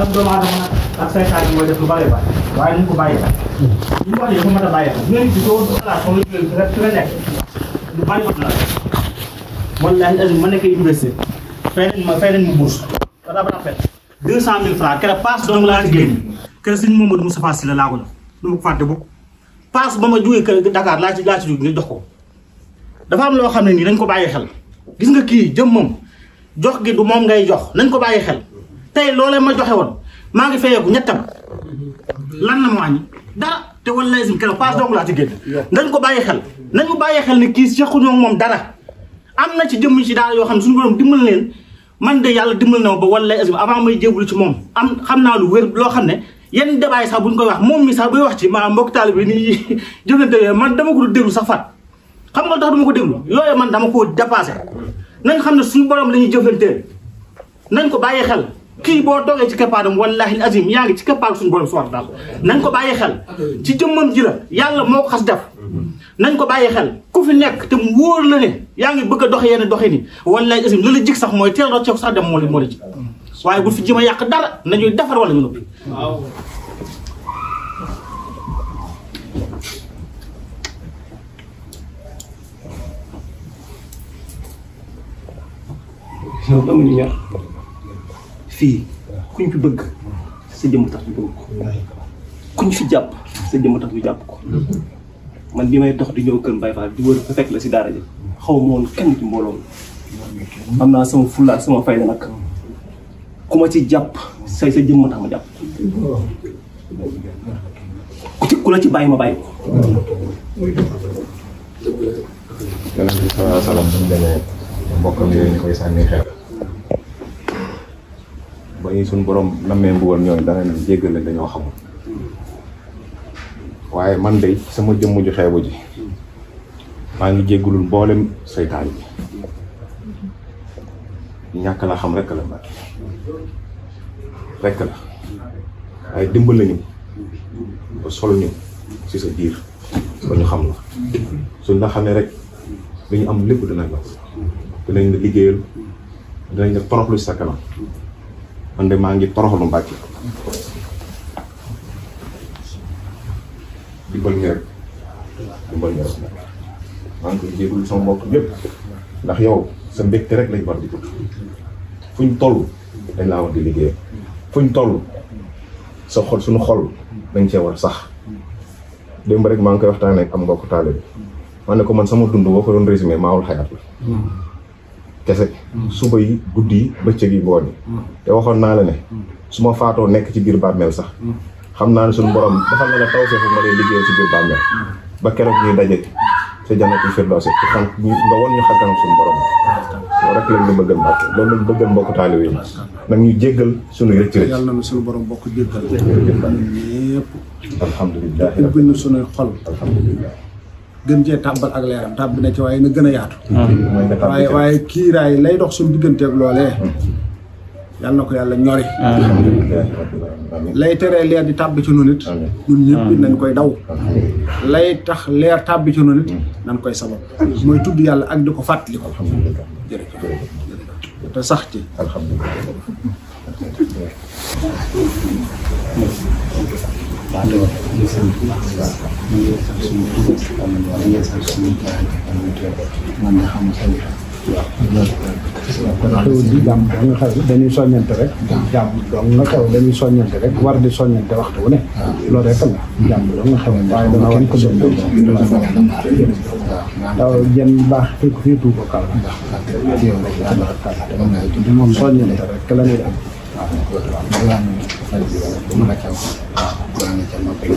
alal doomu aadama ak saytaan mooy lu bëree bëri waaye a bàyyi na ma nekkee université fay nañ ma cent mille francs keroog paas laa ci la laa ko jox du ma ko fàtte ma jógee kër Dakar laa laa ci jóg ko dafa am loo xam ne nii dañ ko bàyyi xel gis nga kii jëm moom jox gi du moom ngay jox nañ ko bàyyi xel tey loole ma joxe woon maa ngi fayeeku ñettam lan na mu wàññi dara te wala lazim keroog paas dong laa ci génn nañ ko bàyyi xel nañu bàyyi xel ni kii sequñoo moom dara am na ci jëmm ci daal yoo xam ne suñu borom dimbal leen man de yàlla dimbal na ma ba wala lazim avant may jébul ci moom am xam naa lu wér loo xam ne yenn débat sax buñ koy wax moom mi sax wax ci ma mbokk taali bi nii jëfante yooyu man dama ko du déglu sax fat xam nga tax ko déglu yooyu man dama koo dépassé nañ xam ne suñu borom la ñuy jëfantee nañ ko bàyyi xel kii boo dogee ci keppaaram wallahi al azim yaa ngi ci keppaar suñu borom soor daal nañ ko bàyyi xel ci jëmmam ji la yàlla moo ko xas def nañ ko bàyyi xel ku fi nekk te mu wóor la ne yaa ngi bëgg a doxe yenn doxe ni wallahi al azim la la jik sax mooy teel rocceeku sax dem moo moo la ji waaye bu fi ji ma yàq nañuy defar wala ñu noppi waaw fi kuñ fi bëgg sa jëmm tax ñu bëgg ko kuñ fi japp sa jëmm tax ñu japp ko man bi may dox di ñëw kër Mbaye Fall di wër fa fekk la ci dara ji xaw ma woon kenn ci mbolom amna sama fulla sama fayda nag ku ma ci japp say sa jëm tax ma japp ku ci ku la ci bàyyi ma bàyyi ko yonent bi salaa salaam suñu demee mbokkam ba ñu suñ borom namé mbugal ñoy ñooñu dana jéggal jéggale dañu xamul waye man day sama jëm ju xébu ji ma ngi jéggulul bolem seytaan yi ñak la xam rek la ma rek la ay dimbal nañu ba solo ñu ci sa diir ba ñu xam la suñ la xamé rek li am lepp dinañ la dinañ la liggéeyal dinañ la toroxlu sa kanam man de maa ngi toroxlu Mbàkke dimbal ñu rek dimbal ñu rek maa ngi koy jéegul sama mbokk yëpp ndax yow sa mbégte rek lañ war di tudd fuñ tollu dañ laa war di liggéey fuñ tollu sa xol suñu xol dañ cee war sax démb rek maa ngi koy waxtaanee ak am mbokk taale bi ma ne ko man sama dund boo ko doon résumé maawul xayaat la kese mm. suba yi guddi yi bëccëg yi ngoon yi mm. te waxoon naa la ne mm. su ma faatoo nekk ci biir bàmmeel sax xam naa ne suñu borom dafa na ne taw seefu ma lay liggéeyal ci biir bàmmeel ba keroog ñuy daje sa janatul firdawsi ci xam nga won ñu xakkanam suñu borom loolu rek lañ ñu bëggal mbokk loolu lañ bëggal mbokk taalibe yi nag ñu jéggal suñu rëcc rëcc yàlla na suñu borom bokk jéggal ñëpp alhamdulilah ubbil xol gën cee tàbbal ak leeram tàbb na ci waaye na gën a yaatu hmm. waaye waaye kiiraay lay dox ñori lay leer di tàbb ci noonu ñun ñëpp nañ koy daw lay tax leer tàbb ci noonu hmm. nañ koy sabab mooy ak ko sax ci من يسر سنوك ومن يسر سنوك ومن يسر سنوك xew di jàmm da nga xew dong nga xew dañuy soññante rek war di soññante waxtu wu ne loolu dong nga xew waaye dana kenn ko doon daw jën baax fii fii tuu ko kal moom soññante rek la ngay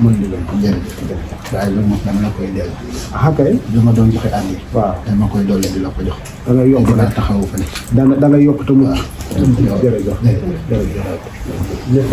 mën na leen jërëjëf jërëjëf waaye loolu moom dama la koy dellu. ah kay dama doon joxe ànd yi. waaw dama koy doole di la ko jox. da ngay yokk nag taxawu fa ne. da ngay yokk te mucc. waaw jërëjëf jërëjëf